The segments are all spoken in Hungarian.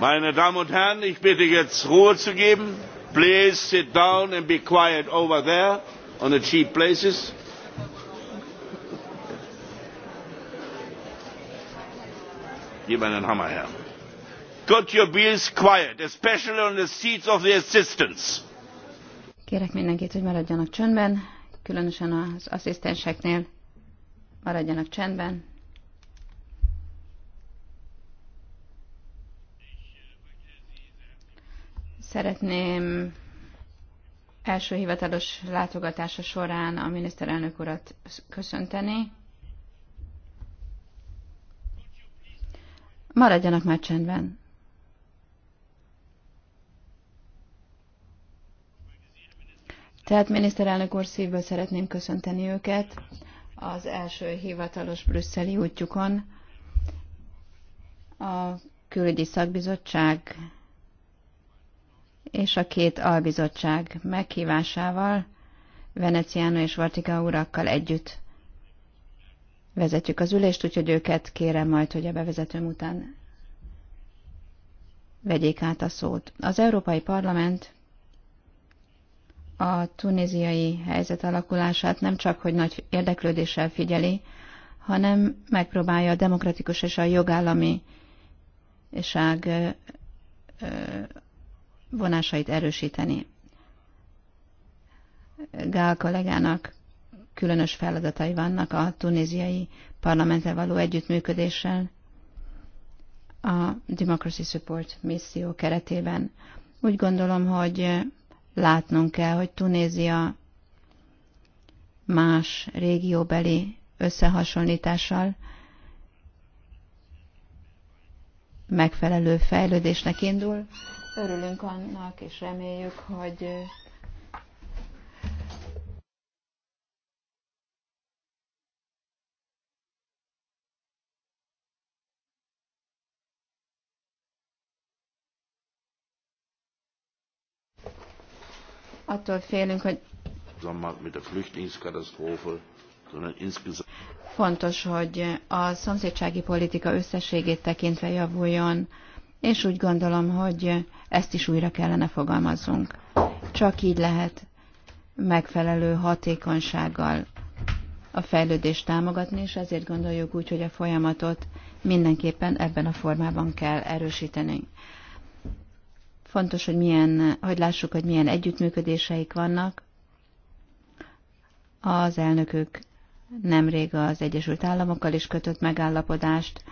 Meine Damen und Herren, ich bitte jetzt Ruhe zu geben. Please sit down and be quiet over there on the cheap places. Gib einen Hammer her. Could you be quiet, especially on the seats of the assistants? Kérek mindenkit, hogy maradjanak csöndben, különösen az asszisztenseknél maradjanak csendben, Szeretném első hivatalos látogatása során a miniszterelnök urat köszönteni. Maradjanak már csendben. Tehát miniszterelnök úr szívből szeretném köszönteni őket az első hivatalos brüsszeli útjukon. A külügyi szakbizottság és a két albizottság meghívásával, Veneciano és Vartiga urakkal együtt vezetjük az ülést, úgyhogy őket kérem majd, hogy a bevezetőm után vegyék át a szót. Az Európai Parlament a tunéziai helyzet alakulását nem csak, hogy nagy érdeklődéssel figyeli, hanem megpróbálja a demokratikus és a jogállamiság vonásait erősíteni. Gál kollégának különös feladatai vannak a tunéziai parlamenttel való együttműködéssel a Democracy Support misszió keretében. Úgy gondolom, hogy látnunk kell, hogy Tunézia más régióbeli összehasonlítással megfelelő fejlődésnek indul, Örülünk annak, és reméljük, hogy attól félünk, hogy fontos, hogy a szomszédsági politika összességét tekintve javuljon, és úgy gondolom, hogy ezt is újra kellene fogalmazzunk. Csak így lehet megfelelő hatékonysággal a fejlődést támogatni, és ezért gondoljuk úgy, hogy a folyamatot mindenképpen ebben a formában kell erősíteni. Fontos, hogy, milyen, hogy lássuk, hogy milyen együttműködéseik vannak. Az elnökök nemrég az Egyesült Államokkal is kötött megállapodást,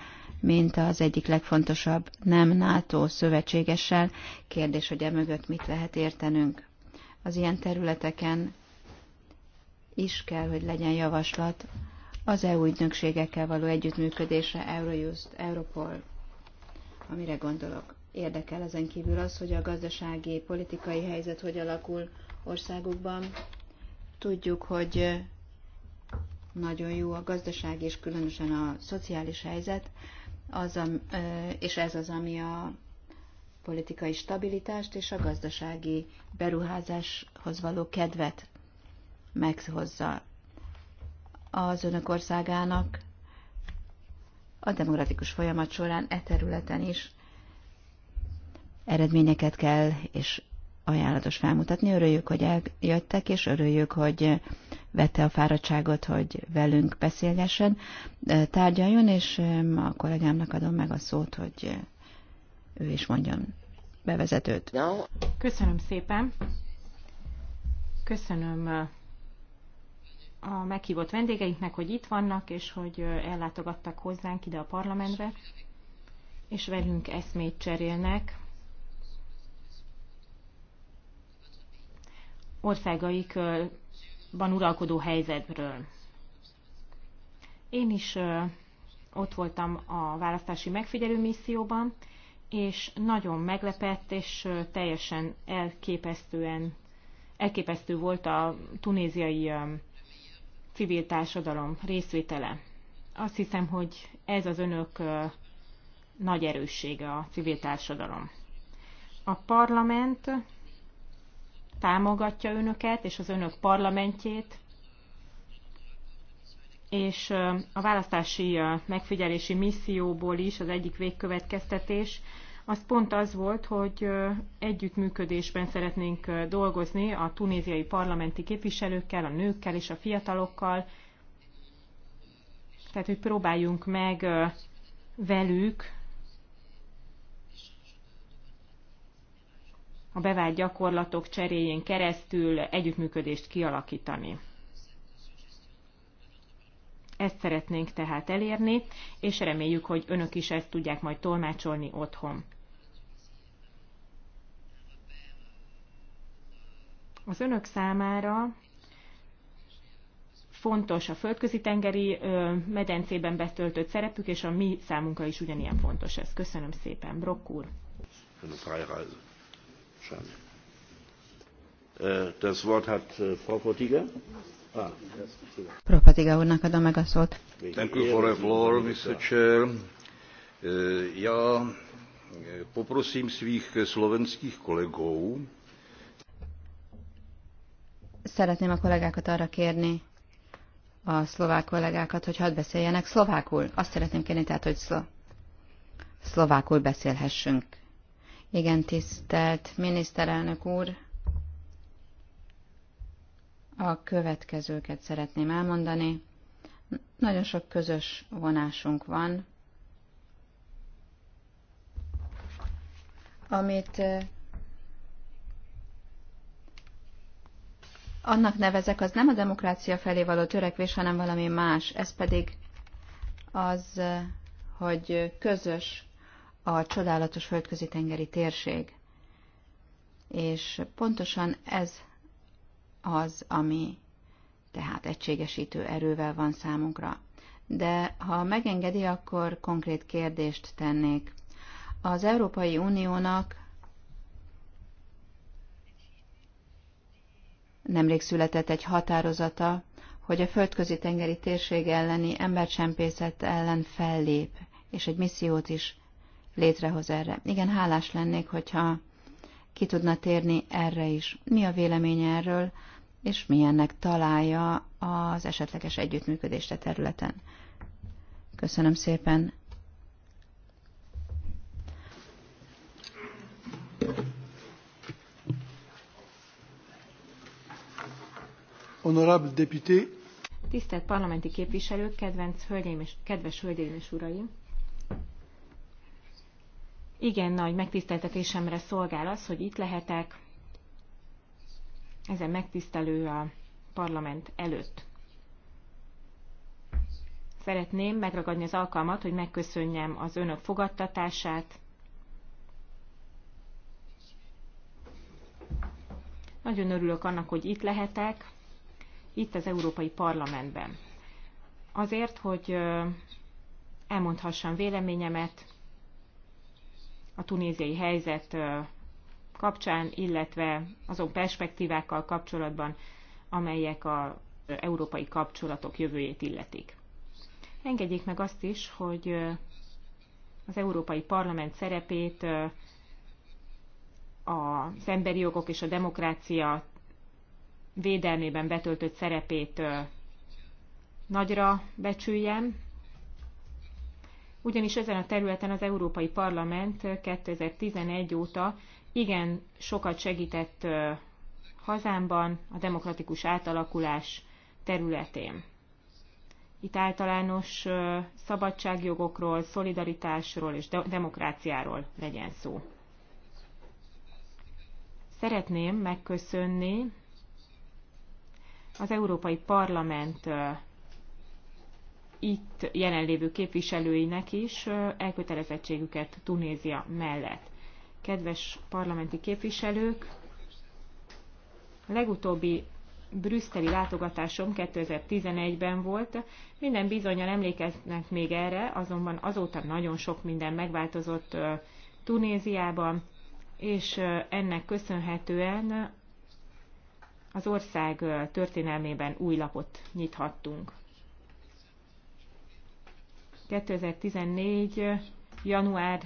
mint az egyik legfontosabb nem NATO szövetségessel. Kérdés, hogy emögött mit lehet értenünk. Az ilyen területeken is kell, hogy legyen javaslat az EU ügynökségekkel való együttműködésre, Eurojust, Europol, amire gondolok. Érdekel ezen kívül az, hogy a gazdasági, politikai helyzet hogy alakul országukban. Tudjuk, hogy nagyon jó a gazdaság és különösen a szociális helyzet, az, és ez az, ami a politikai stabilitást és a gazdasági beruházáshoz való kedvet meghozza az önök országának a demokratikus folyamat során e területen is eredményeket kell és ajánlatos felmutatni. Örüljük, hogy eljöttek, és örüljük, hogy vette a fáradtságot, hogy velünk beszélgessen, tárgyaljon, és a kollégámnak adom meg a szót, hogy ő is mondjon bevezetőt. Köszönöm szépen. Köszönöm a meghívott vendégeinknek, hogy itt vannak, és hogy ellátogattak hozzánk ide a parlamentbe, és velünk eszmét cserélnek. Országaik ban uralkodó helyzetről. Én is ott voltam a választási megfigyelő misszióban, és nagyon meglepett, és teljesen elképesztően, elképesztő volt a tunéziai civil társadalom részvétele. Azt hiszem, hogy ez az önök nagy erőssége a civil társadalom. A parlament támogatja önöket és az önök parlamentjét, és a választási megfigyelési misszióból is az egyik végkövetkeztetés, az pont az volt, hogy együttműködésben szeretnénk dolgozni a tunéziai parlamenti képviselőkkel, a nőkkel és a fiatalokkal. Tehát, hogy próbáljunk meg velük a bevált gyakorlatok cseréjén keresztül együttműködést kialakítani. Ezt szeretnénk tehát elérni, és reméljük, hogy önök is ezt tudják majd tolmácsolni otthon. Az önök számára fontos a földközi tengeri medencében betöltött szerepük, és a mi számunkra is ugyanilyen fontos ez. Köszönöm szépen, Brock Scheint. Äh, das Wort hat äh, Frau Fortiga. Ah, Propatiga úrnak adom meg a szót. Thank you for the floor, Mr. Chair. Já poprosím svých slovenských kolegů. Szeretném a kollégákat arra kérni, a szlovák kollégákat, hogy hadd beszéljenek szlovákul. Azt szeretném kérni, tehát, hogy szlo- szlovákul beszélhessünk. Igen, tisztelt miniszterelnök úr, a következőket szeretném elmondani. Nagyon sok közös vonásunk van, amit eh, annak nevezek, az nem a demokrácia felé való törekvés, hanem valami más. Ez pedig az, eh, hogy közös a csodálatos földközi tengeri térség. És pontosan ez az, ami tehát egységesítő erővel van számunkra. De ha megengedi, akkor konkrét kérdést tennék. Az Európai Uniónak nemrég született egy határozata, hogy a földközi tengeri térség elleni embercsempészet ellen fellép, és egy missziót is létrehoz erre. Igen, hálás lennék, hogyha ki tudna térni erre is. Mi a véleménye erről, és milyennek találja az esetleges együttműködést a területen. Köszönöm szépen. Honorable député. Tisztelt parlamenti képviselők, kedvenc hölgyeim és, kedves hölgyeim és uraim! igen nagy megtiszteltetésemre szolgál az, hogy itt lehetek ezen megtisztelő a parlament előtt. Szeretném megragadni az alkalmat, hogy megköszönjem az önök fogadtatását. Nagyon örülök annak, hogy itt lehetek, itt az Európai Parlamentben. Azért, hogy elmondhassam véleményemet, a tunéziai helyzet kapcsán, illetve azon perspektívákkal kapcsolatban, amelyek az európai kapcsolatok jövőjét illetik. Engedjék meg azt is, hogy az Európai Parlament szerepét az emberi jogok és a demokrácia védelmében betöltött szerepét nagyra becsüljem, ugyanis ezen a területen az Európai Parlament 2011 óta igen sokat segített hazámban a demokratikus átalakulás területén. Itt általános szabadságjogokról, szolidaritásról és demokráciáról legyen szó. Szeretném megköszönni az Európai Parlament itt jelenlévő képviselőinek is elkötelezettségüket Tunézia mellett. Kedves parlamenti képviselők, a legutóbbi brüsszeli látogatásom 2011-ben volt. Minden bizonyal emlékeznek még erre, azonban azóta nagyon sok minden megváltozott Tunéziában, és ennek köszönhetően az ország történelmében új lapot nyithattunk. 2014. január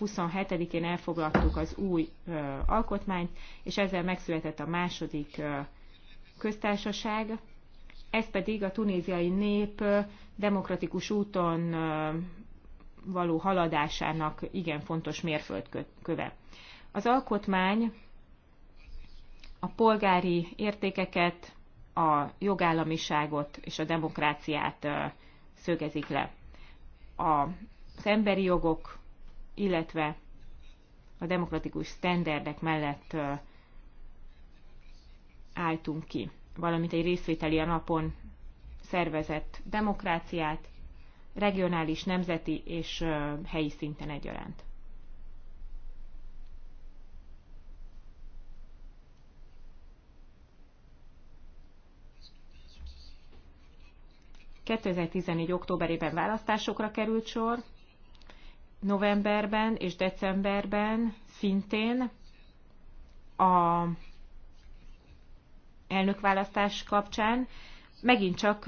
27-én elfogadtuk az új ö, alkotmányt, és ezzel megszületett a második ö, köztársaság. Ez pedig a tunéziai nép ö, demokratikus úton ö, való haladásának igen fontos mérföldköve. Az alkotmány a polgári értékeket, a jogállamiságot és a demokráciát szögezik le az emberi jogok, illetve a demokratikus sztenderdek mellett álltunk ki, valamint egy részvételi a napon szervezett demokráciát, regionális, nemzeti és helyi szinten egyaránt. 2014. októberében választásokra került sor, novemberben és decemberben szintén a elnökválasztás kapcsán megint csak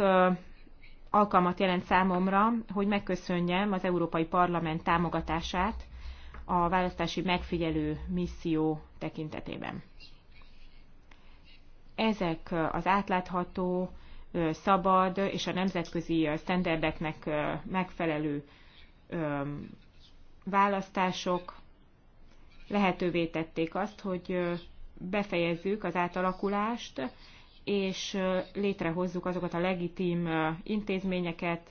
alkalmat jelent számomra, hogy megköszönjem az Európai Parlament támogatását a választási megfigyelő misszió tekintetében. Ezek az átlátható szabad és a nemzetközi sztenderdeknek megfelelő választások lehetővé tették azt, hogy befejezzük az átalakulást, és létrehozzuk azokat a legitim intézményeket,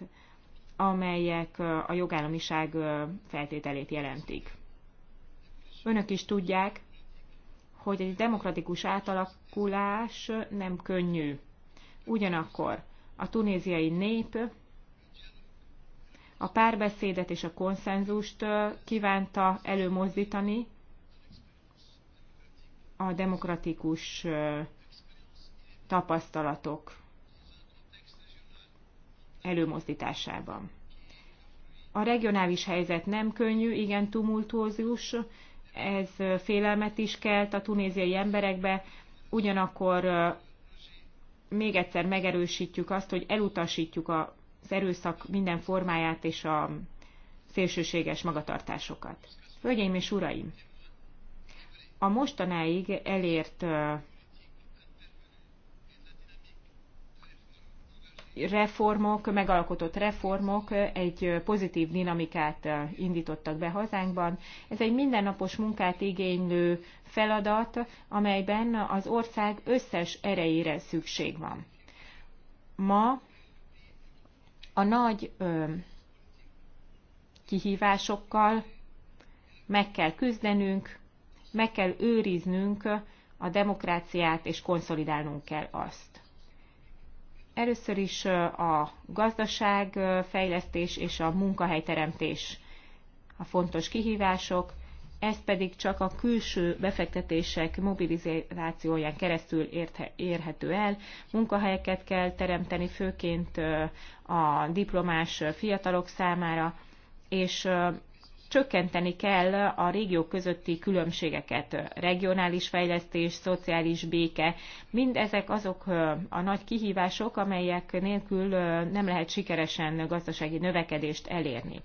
amelyek a jogállamiság feltételét jelentik. Önök is tudják, hogy egy demokratikus átalakulás nem könnyű Ugyanakkor a tunéziai nép a párbeszédet és a konszenzust kívánta előmozdítani a demokratikus tapasztalatok előmozdításában. A regionális helyzet nem könnyű, igen tumultuózus, ez félelmet is kelt a tunéziai emberekbe, ugyanakkor még egyszer megerősítjük azt, hogy elutasítjuk az erőszak minden formáját és a szélsőséges magatartásokat. Hölgyeim és uraim! A mostanáig elért reformok, megalkotott reformok egy pozitív dinamikát indítottak be hazánkban. Ez egy mindennapos munkát igénylő feladat, amelyben az ország összes erejére szükség van. Ma a nagy ö, kihívásokkal meg kell küzdenünk, meg kell őriznünk a demokráciát, és konszolidálnunk kell azt. Először is a gazdaságfejlesztés és a munkahelyteremtés a fontos kihívások, ez pedig csak a külső befektetések mobilizációján keresztül érhető el. Munkahelyeket kell teremteni főként a diplomás fiatalok számára, és csökkenteni kell a régiók közötti különbségeket, regionális fejlesztés, szociális béke, mind ezek azok a nagy kihívások, amelyek nélkül nem lehet sikeresen gazdasági növekedést elérni.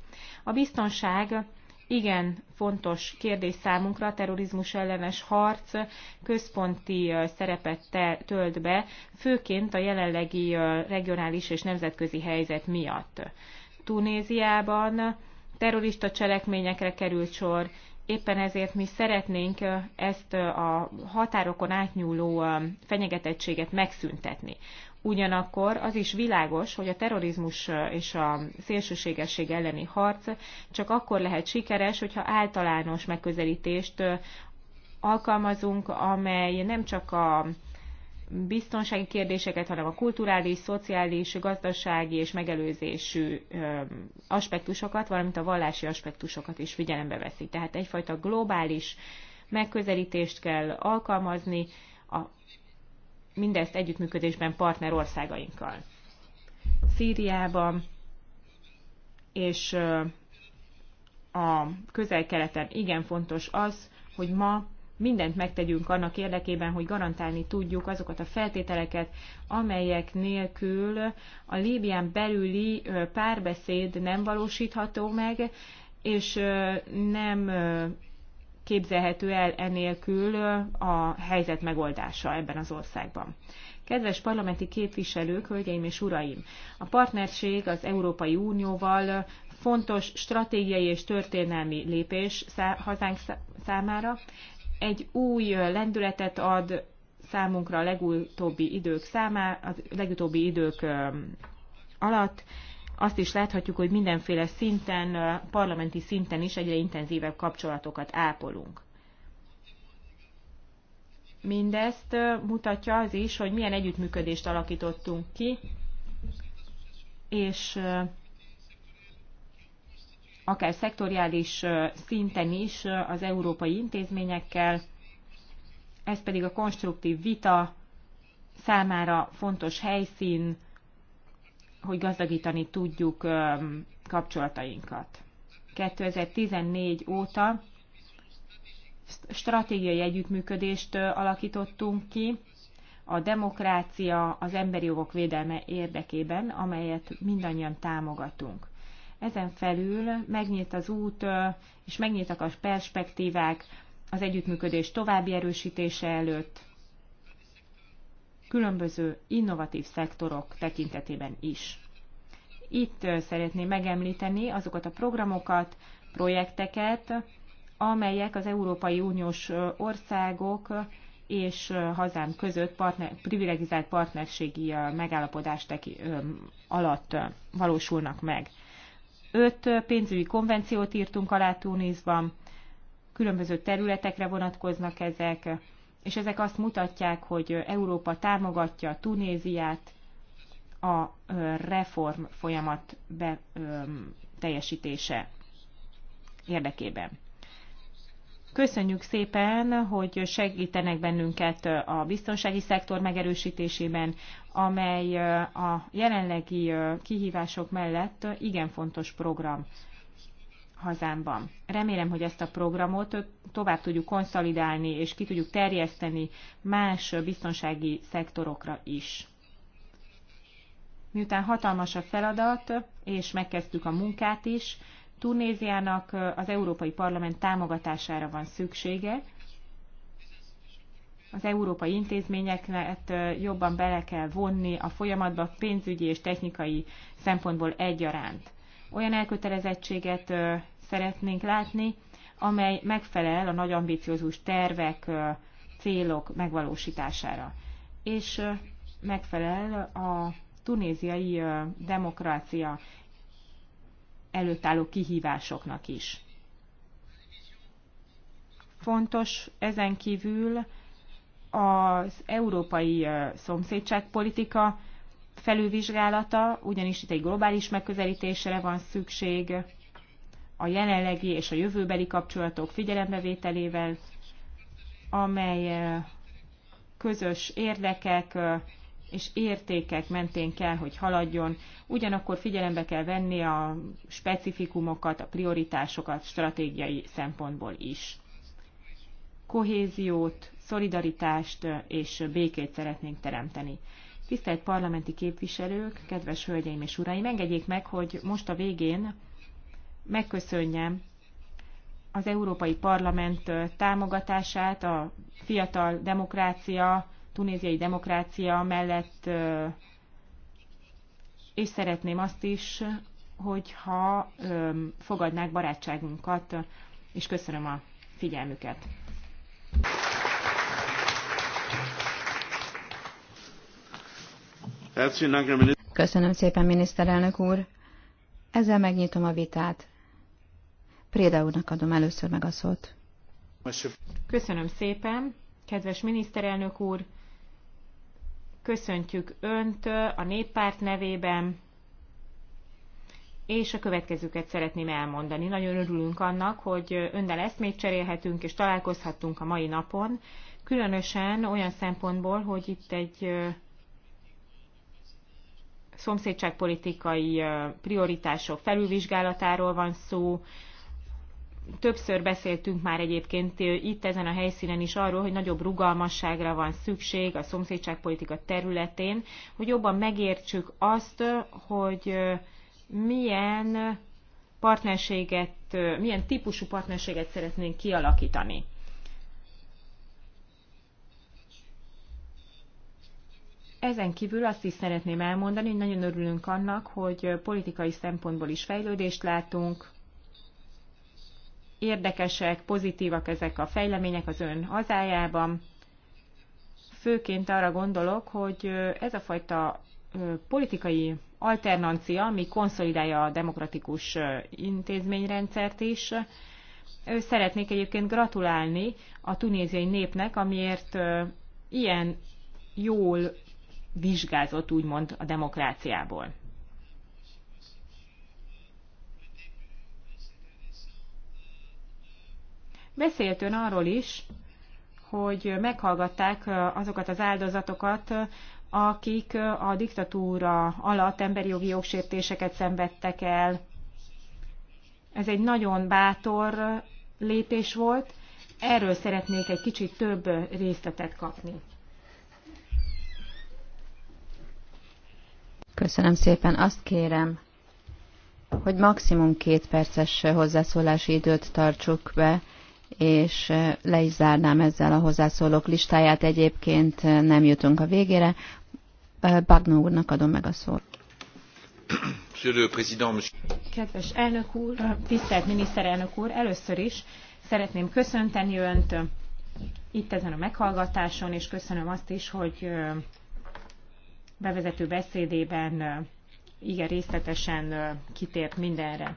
A biztonság igen fontos kérdés számunkra, a terrorizmus ellenes harc központi szerepet tölt be, főként a jelenlegi regionális és nemzetközi helyzet miatt. Tunéziában terrorista cselekményekre került sor, éppen ezért mi szeretnénk ezt a határokon átnyúló fenyegetettséget megszüntetni. Ugyanakkor az is világos, hogy a terrorizmus és a szélsőségesség elleni harc csak akkor lehet sikeres, hogyha általános megközelítést alkalmazunk, amely nem csak a biztonsági kérdéseket, hanem a kulturális, szociális, gazdasági és megelőzésű aspektusokat, valamint a vallási aspektusokat is figyelembe veszik. Tehát egyfajta globális megközelítést kell alkalmazni, a, mindezt együttműködésben partner országainkkal. Szíriában és a közel-keleten igen fontos az, hogy ma mindent megtegyünk annak érdekében, hogy garantálni tudjuk azokat a feltételeket, amelyek nélkül a Líbián belüli párbeszéd nem valósítható meg, és nem képzelhető el enélkül a helyzet megoldása ebben az országban. Kedves parlamenti képviselők, hölgyeim és uraim! A partnerség az Európai Unióval fontos stratégiai és történelmi lépés hazánk számára egy új lendületet ad számunkra a legutóbbi idők számá, a legutóbbi idők alatt. Azt is láthatjuk, hogy mindenféle szinten, parlamenti szinten is egyre intenzívebb kapcsolatokat ápolunk. Mindezt mutatja az is, hogy milyen együttműködést alakítottunk ki, és akár szektoriális szinten is az európai intézményekkel. Ez pedig a konstruktív vita számára fontos helyszín, hogy gazdagítani tudjuk kapcsolatainkat. 2014 óta stratégiai együttműködést alakítottunk ki a demokrácia, az emberi jogok védelme érdekében, amelyet mindannyian támogatunk. Ezen felül megnyílt az út, és megnyíltak a perspektívák az együttműködés további erősítése előtt, különböző innovatív szektorok tekintetében is. Itt szeretném megemlíteni azokat a programokat, projekteket, amelyek az Európai Uniós országok és hazám között partner, privilegizált partnerségi megállapodás alatt valósulnak meg öt pénzügyi konvenciót írtunk alá Tunisban, különböző területekre vonatkoznak ezek, és ezek azt mutatják, hogy Európa támogatja Tunéziát a reform folyamat be, ö, teljesítése érdekében. Köszönjük szépen, hogy segítenek bennünket a biztonsági szektor megerősítésében, amely a jelenlegi kihívások mellett igen fontos program hazámban. Remélem, hogy ezt a programot tovább tudjuk konszolidálni és ki tudjuk terjeszteni más biztonsági szektorokra is. Miután hatalmas a feladat, és megkezdtük a munkát is, Tunéziának az Európai Parlament támogatására van szüksége. Az európai intézményeket jobban bele kell vonni a folyamatba pénzügyi és technikai szempontból egyaránt. Olyan elkötelezettséget szeretnénk látni, amely megfelel a nagy ambiciózus tervek, célok megvalósítására, és megfelel a tunéziai demokrácia előtt álló kihívásoknak is. Fontos ezen kívül az európai szomszédságpolitika felülvizsgálata, ugyanis itt egy globális megközelítésre van szükség a jelenlegi és a jövőbeli kapcsolatok figyelembevételével, amely közös érdekek, és értékek mentén kell, hogy haladjon. Ugyanakkor figyelembe kell venni a specifikumokat, a prioritásokat stratégiai szempontból is. Kohéziót, szolidaritást és békét szeretnénk teremteni. Tisztelt parlamenti képviselők, kedves hölgyeim és uraim, engedjék meg, hogy most a végén megköszönjem az Európai Parlament támogatását a fiatal demokrácia tunéziai demokrácia mellett, és szeretném azt is, hogyha fogadnák barátságunkat, és köszönöm a figyelmüket. Köszönöm szépen, miniszterelnök úr. Ezzel megnyitom a vitát. Préda úrnak adom először meg a szót. Köszönöm szépen, kedves miniszterelnök úr, Köszöntjük Önt a néppárt nevében, és a következőket szeretném elmondani. Nagyon örülünk annak, hogy Önnel eszmét cserélhetünk, és találkozhattunk a mai napon, különösen olyan szempontból, hogy itt egy szomszédságpolitikai prioritások felülvizsgálatáról van szó, Többször beszéltünk már egyébként itt ezen a helyszínen is arról, hogy nagyobb rugalmasságra van szükség a szomszédságpolitika területén, hogy jobban megértsük azt, hogy milyen partnerséget, milyen típusú partnerséget szeretnénk kialakítani. Ezen kívül azt is szeretném elmondani, hogy nagyon örülünk annak, hogy politikai szempontból is fejlődést látunk, érdekesek, pozitívak ezek a fejlemények az ön hazájában. Főként arra gondolok, hogy ez a fajta politikai alternancia, ami konszolidálja a demokratikus intézményrendszert is. Szeretnék egyébként gratulálni a tunéziai népnek, amiért ilyen jól vizsgázott, úgymond, a demokráciából. Beszélt ön arról is, hogy meghallgatták azokat az áldozatokat, akik a diktatúra alatt emberi jogi jogsértéseket szenvedtek el. Ez egy nagyon bátor lépés volt. Erről szeretnék egy kicsit több részletet kapni. Köszönöm szépen. Azt kérem, hogy maximum két perces hozzászólási időt tartsuk be, és le is zárnám ezzel a hozzászólók listáját, egyébként nem jutunk a végére. Bagnó úrnak adom meg a szót. Kedves elnök úr, tisztelt miniszterelnök úr, először is szeretném köszönteni önt itt ezen a meghallgatáson, és köszönöm azt is, hogy bevezető beszédében igen részletesen kitért mindenre.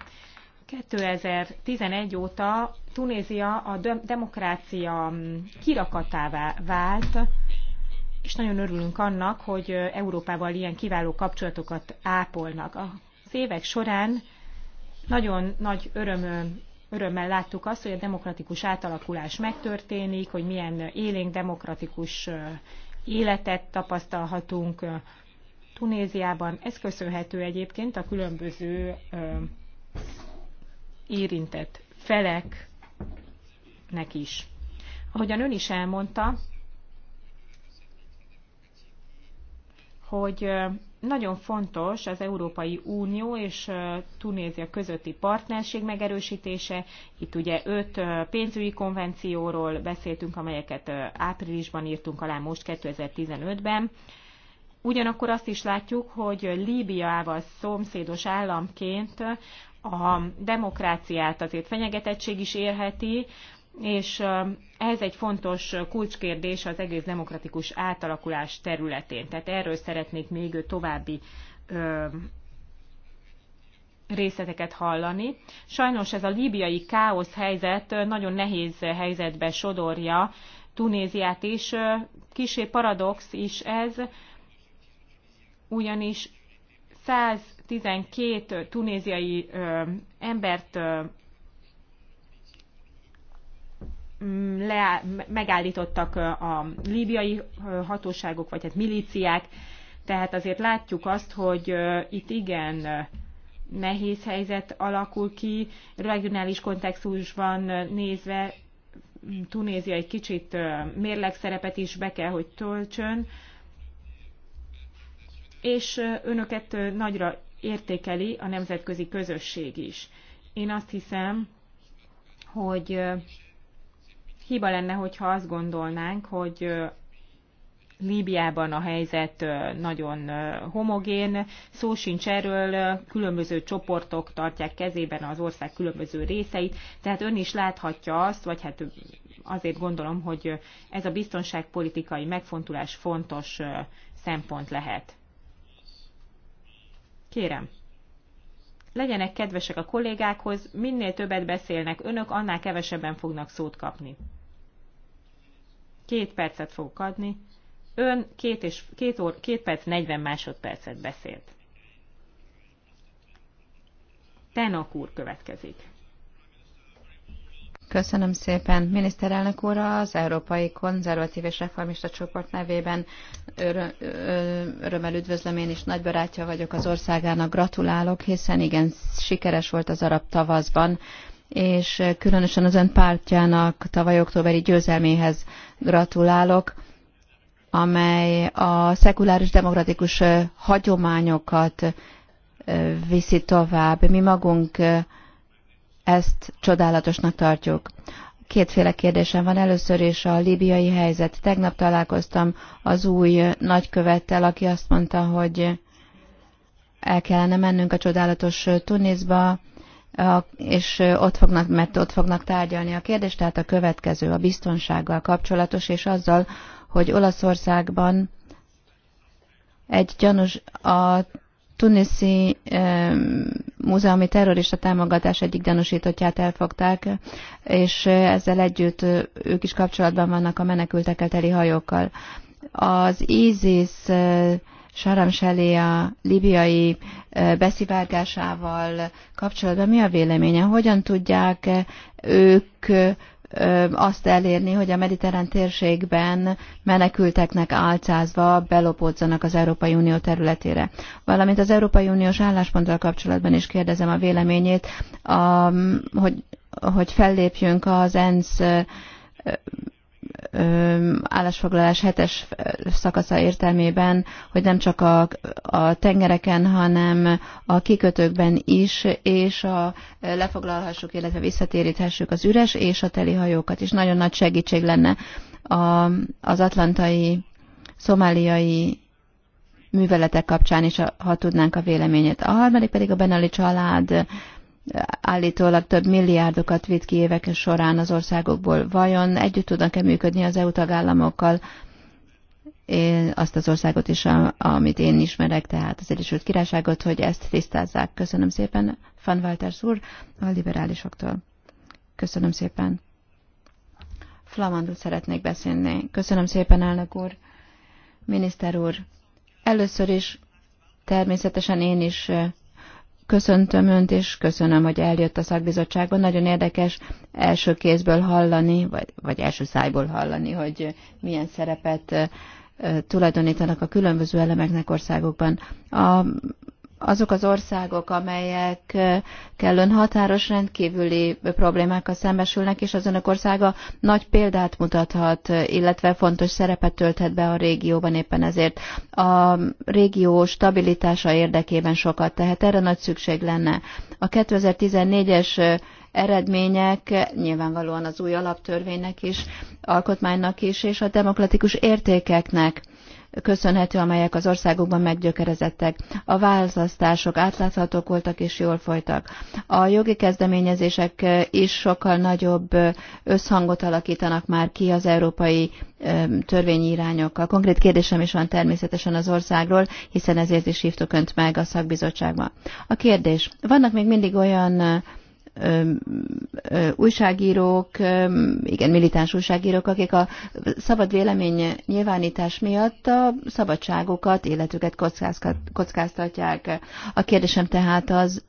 2011 óta Tunézia a demokrácia mm, kirakatává vált, és nagyon örülünk annak, hogy Európával ilyen kiváló kapcsolatokat ápolnak. Az évek során nagyon nagy öröm, örömmel láttuk azt, hogy a demokratikus átalakulás megtörténik, hogy milyen élénk demokratikus életet tapasztalhatunk Tunéziában. Ez köszönhető egyébként a különböző érintett feleknek is. Ahogyan ön is elmondta, hogy nagyon fontos az Európai Unió és Tunézia közötti partnerség megerősítése. Itt ugye öt pénzügyi konvencióról beszéltünk, amelyeket áprilisban írtunk alá most 2015-ben. Ugyanakkor azt is látjuk, hogy Líbiával szomszédos államként a demokráciát azért fenyegetettség is érheti, és ez egy fontos kulcskérdés az egész demokratikus átalakulás területén. Tehát erről szeretnék még további részleteket hallani. Sajnos ez a líbiai káosz helyzet nagyon nehéz helyzetbe sodorja Tunéziát is. Kisé paradox is ez, ugyanis 100 12 tunéziai embert le, megállítottak a líbiai hatóságok, vagy hát milíciák, tehát azért látjuk azt, hogy itt igen nehéz helyzet alakul ki, regionális kontextusban nézve Tunézia egy kicsit mérlegszerepet szerepet is be kell, hogy töltsön, és önöket nagyra értékeli a nemzetközi közösség is. Én azt hiszem, hogy hiba lenne, hogyha azt gondolnánk, hogy Líbiában a helyzet nagyon homogén, szó sincs erről, különböző csoportok tartják kezében az ország különböző részeit, tehát ön is láthatja azt, vagy hát azért gondolom, hogy ez a biztonságpolitikai megfontolás fontos szempont lehet. Kérem, legyenek kedvesek a kollégákhoz, minél többet beszélnek önök, annál kevesebben fognak szót kapni. Két percet fogok adni. Ön két, és, két, or, két perc 40 másodpercet beszélt. Tenok úr következik. Köszönöm szépen. Miniszterelnök úr, az Európai Konzervatív és Reformista csoport nevében örömmel üdvözlöm, én is nagy barátja vagyok az országának, gratulálok, hiszen igen, sikeres volt az arab tavaszban, és különösen az ön pártjának tavaly októberi győzelméhez gratulálok, amely a szekuláris demokratikus hagyományokat viszi tovább. Mi magunk ezt csodálatosnak tartjuk. Kétféle kérdésem van. Először is a líbiai helyzet. Tegnap találkoztam az új nagykövettel, aki azt mondta, hogy el kellene mennünk a csodálatos Tunisba, és ott fognak, mert ott fognak tárgyalni a kérdést, tehát a következő a biztonsággal kapcsolatos, és azzal, hogy Olaszországban egy gyanús, a tuniszi múzeumi terrorista támogatás egyik gyanúsítottját elfogták, és ezzel együtt ők is kapcsolatban vannak a menekültekkel teli hajókkal. Az ISIS Saram a libiai beszivárgásával kapcsolatban mi a véleménye? Hogyan tudják ők azt elérni, hogy a mediterrán térségben menekülteknek álcázva belopódzanak az Európai Unió területére. Valamint az Európai Uniós állásponttal kapcsolatban is kérdezem a véleményét, a, hogy, hogy fellépjünk az ENSZ állásfoglalás hetes szakasza értelmében, hogy nem csak a, a tengereken, hanem a kikötőkben is, és a lefoglalhassuk, illetve visszatéríthessük az üres és a teli hajókat is. Nagyon nagy segítség lenne a, az atlantai, szomáliai műveletek kapcsán is, ha tudnánk a véleményét. A harmadik pedig a Benali család állítólag több milliárdokat vitt ki évek során az országokból. Vajon együtt tudnak-e működni az EU tagállamokkal? Én azt az országot is, amit én ismerek, tehát az Egyesült Királyságot, hogy ezt tisztázzák. Köszönöm szépen, Van Walters úr, a liberálisoktól. Köszönöm szépen. Flamandot szeretnék beszélni. Köszönöm szépen, elnök úr. Miniszter úr, először is természetesen én is Köszöntöm Önt, és köszönöm, hogy eljött a szakbizottságon. Nagyon érdekes első kézből hallani, vagy, vagy első szájból hallani, hogy milyen szerepet tulajdonítanak a különböző elemeknek országokban. A azok az országok, amelyek kellőn határos rendkívüli problémákkal szembesülnek, és az önök országa nagy példát mutathat, illetve fontos szerepet tölthet be a régióban éppen ezért. A régió stabilitása érdekében sokat tehet, erre nagy szükség lenne. A 2014-es eredmények nyilvánvalóan az új alaptörvénynek is, alkotmánynak is, és a demokratikus értékeknek köszönhető, amelyek az országokban meggyökerezettek. A választások átláthatók voltak és jól folytak. A jogi kezdeményezések is sokkal nagyobb összhangot alakítanak már ki az európai törvényi irányokkal. Konkrét kérdésem is van természetesen az országról, hiszen ezért is hívtuk Önt meg a szakbizottságba. A kérdés, vannak még mindig olyan újságírók, igen, militáns újságírók, akik a szabad vélemény nyilvánítás miatt a szabadságokat, életüket kockáztatják. A kérdésem tehát az,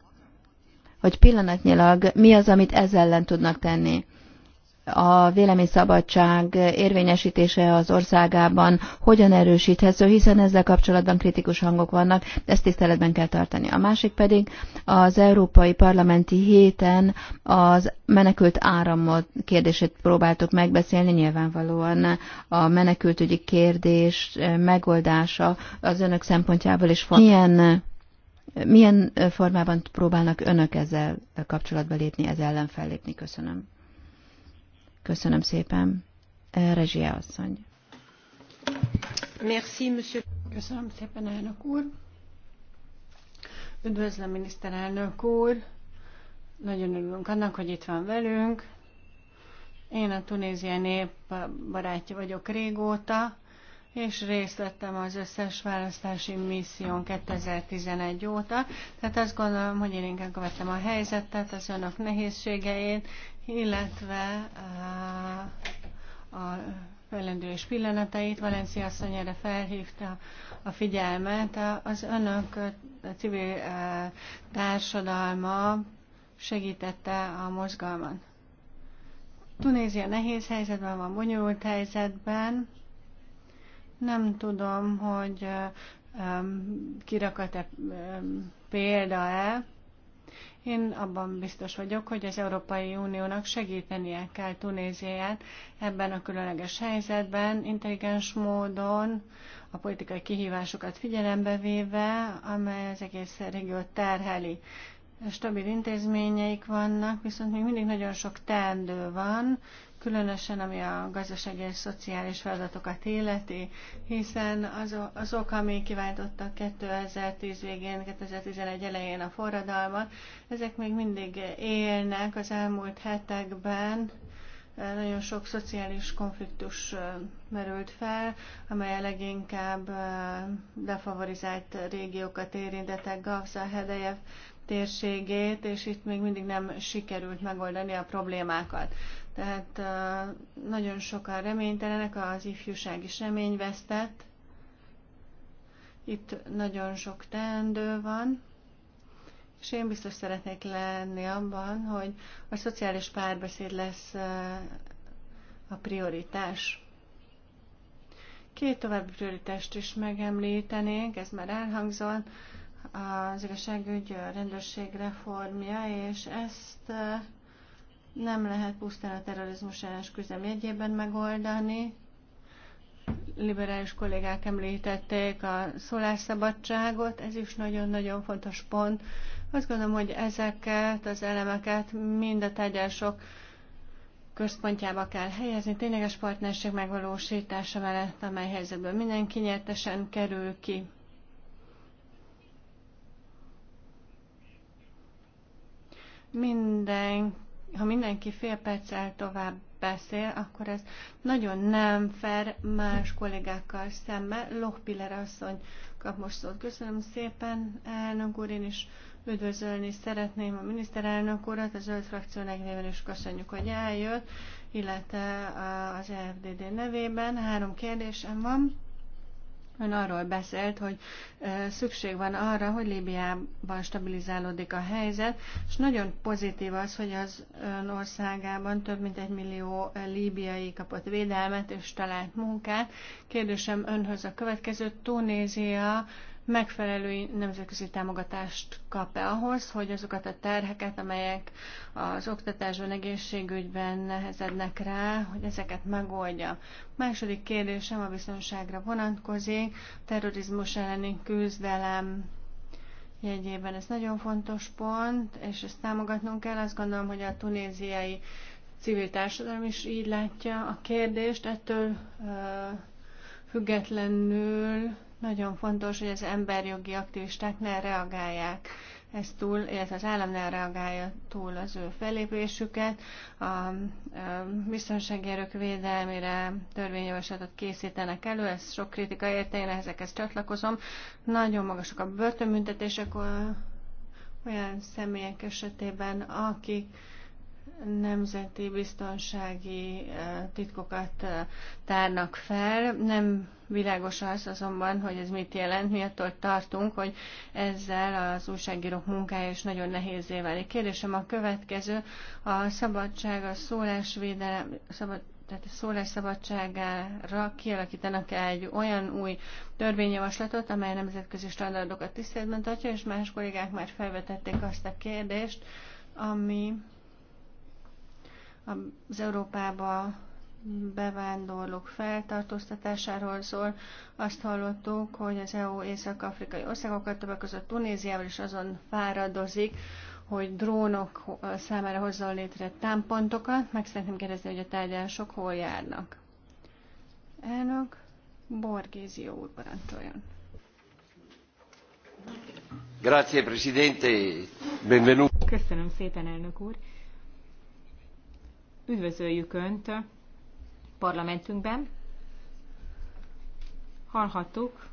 hogy pillanatnyilag mi az, amit ezzel ellen tudnak tenni a véleményszabadság érvényesítése az országában hogyan erősíthető, hiszen ezzel kapcsolatban kritikus hangok vannak, ezt tiszteletben kell tartani. A másik pedig az Európai Parlamenti héten az menekült áramot kérdését próbáltuk megbeszélni, nyilvánvalóan a menekültügyi kérdés megoldása az önök szempontjából is fontos. Milyen milyen formában próbálnak önök ezzel kapcsolatba lépni, ezzel ellen fellépni? Köszönöm. Köszönöm szépen. Eh, Rezsia asszony. Merci, monsieur. Köszönöm szépen, elnök úr. Üdvözlöm, miniszterelnök úr. Nagyon örülünk annak, hogy itt van velünk. Én a tunéziai nép barátja vagyok régóta és részt vettem az összes választási misszión 2011 óta, tehát azt gondolom, hogy én inkább követtem a helyzetet, az önök nehézségeit, illetve a, eh, a fellendülés pillanatait. Valencia asszony erre felhívta a figyelmet. Az önök a eh, civil eh, társadalma segítette a mozgalmat. Tunézia nehéz helyzetben van, bonyolult helyzetben nem tudom, hogy kirakat-e példa-e. Én abban biztos vagyok, hogy az Európai Uniónak segítenie kell Tunéziát ebben a különleges helyzetben, intelligens módon, a politikai kihívásokat figyelembe véve, amely az egész régiót terheli. Stabil intézményeik vannak, viszont még mindig nagyon sok teendő van, különösen ami a gazdasági és szociális feladatokat életi, hiszen azok, ami kiváltottak 2010 végén, 2011 elején a forradalmat, ezek még mindig élnek az elmúlt hetekben, nagyon sok szociális konfliktus merült fel, amely a leginkább defavorizált régiókat érintettek, Gavza, Hedejev térségét, és itt még mindig nem sikerült megoldani a problémákat. Tehát nagyon sokan reménytelenek, az ifjúság is reményvesztett. Itt nagyon sok teendő van, és én biztos szeretnék lenni abban, hogy a szociális párbeszéd lesz a prioritás. Két további prioritást is megemlítenénk, ez már elhangzott, az igazságügy rendőrség reformja, és ezt nem lehet pusztán a terrorizmus ellenes küzdelem jegyében megoldani. Liberális kollégák említették a szólásszabadságot, ez is nagyon-nagyon fontos pont. Azt gondolom, hogy ezeket az elemeket mind a tárgyalások központjába kell helyezni, tényleges partnerség megvalósítása mellett, amely helyzetből mindenki nyertesen kerül ki. Minden ha mindenki fél perccel tovább beszél, akkor ez nagyon nem fair más kollégákkal szemben. Lohpiller asszony kap most szót. Köszönöm szépen, elnök úr, én is üdvözölni szeretném a miniszterelnök urat, az zöld frakció nevében is köszönjük, hogy eljött, illetve az FDD nevében. Három kérdésem van. Ön arról beszélt, hogy szükség van arra, hogy Líbiában stabilizálódik a helyzet, és nagyon pozitív az, hogy az ön országában több mint egy millió líbiai kapott védelmet és talált munkát. Kérdésem önhöz a következő. Tunézia megfelelő nemzetközi támogatást kap-e ahhoz, hogy azokat a terheket, amelyek az oktatásban, egészségügyben nehezednek rá, hogy ezeket megoldja. Második kérdésem a biztonságra vonatkozik, terrorizmus elleni küzdelem jegyében. Ez nagyon fontos pont, és ezt támogatnunk kell. Azt gondolom, hogy a tunéziai civil társadalom is így látja a kérdést. Ettől függetlenül nagyon fontos, hogy az emberjogi aktivisták ne reagálják ezt túl, illetve az állam ne reagálja túl az ő fellépésüket. A biztonsági erők védelmére törvényjavaslatot készítenek elő, ez sok kritika érte, én ezekhez csatlakozom. Nagyon magasak a börtönbüntetések olyan személyek esetében, akik nemzeti biztonsági titkokat tárnak fel, nem világos az azonban, hogy ez mit jelent, mi attól tartunk, hogy ezzel az újságírók munkája is nagyon nehézé válik. Kérdésem a következő, a szabadság, a szólásvédelem, szabad, tehát a szólásszabadságára kialakítanak -e egy olyan új törvényjavaslatot, amely nemzetközi standardokat tiszteletben tartja, és más kollégák már felvetették azt a kérdést, ami az Európában bevándorlók feltartóztatásáról szól. Azt hallottuk, hogy az EU észak-afrikai országokat, többek között Tunéziával is azon fáradozik, hogy drónok számára hozzon létre támpontokat. Meg szeretném kérdezni, hogy a tárgyalások hol járnak. Elnök Borgézió úr parancsoljon. Grazie, Presidente. Benvenuto. Köszönöm szépen, elnök úr. Üdvözöljük Önt parlamentünkben hallhattuk